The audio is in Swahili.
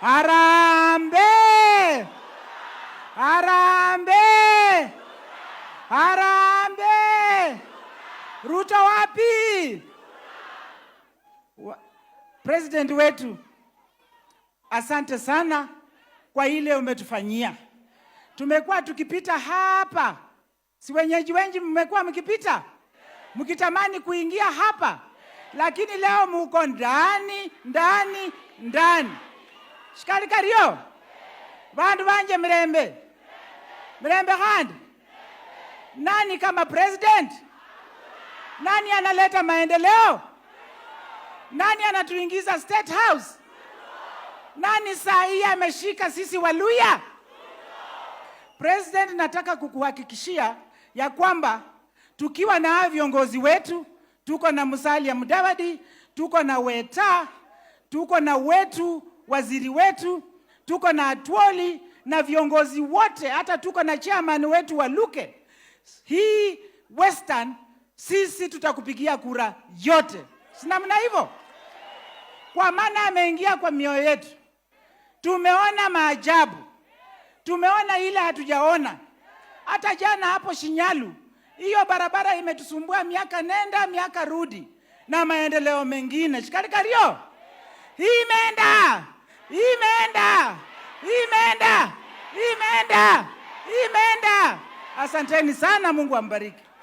Harambe! Harambe! Harambe! Ruto wapi? President wetu, asante sana kwa ile umetufanyia. Tumekuwa tukipita hapa, si wenyeji wengi mmekuwa mkipita mkitamani kuingia hapa, lakini leo muko ndani ndani ndani shikali kalyo vandu vanje mirembe mrembe khandi nani kama president nani analeta maendeleo nani anatuingiza state house nani saa hii ameshika sisi waluya president nataka kukuhakikishia ya kwamba tukiwa na viongozi wetu tuko na Musalia Mudavadi tuko na Weta tuko na wetu waziri wetu, tuko na Atwoli na viongozi wote, hata tuko na chairman wetu wa Luke. Hii Western sisi tutakupigia kura yote, si namna hivyo? Kwa maana ameingia kwa mioyo yetu. Tumeona maajabu, tumeona ile hatujaona. Hata jana hapo Shinyalu, hiyo barabara imetusumbua miaka nenda miaka rudi, na maendeleo mengine shikarikario Imeenda, imeenda, imeenda, imeenda. Asanteni sana, Mungu ambariki.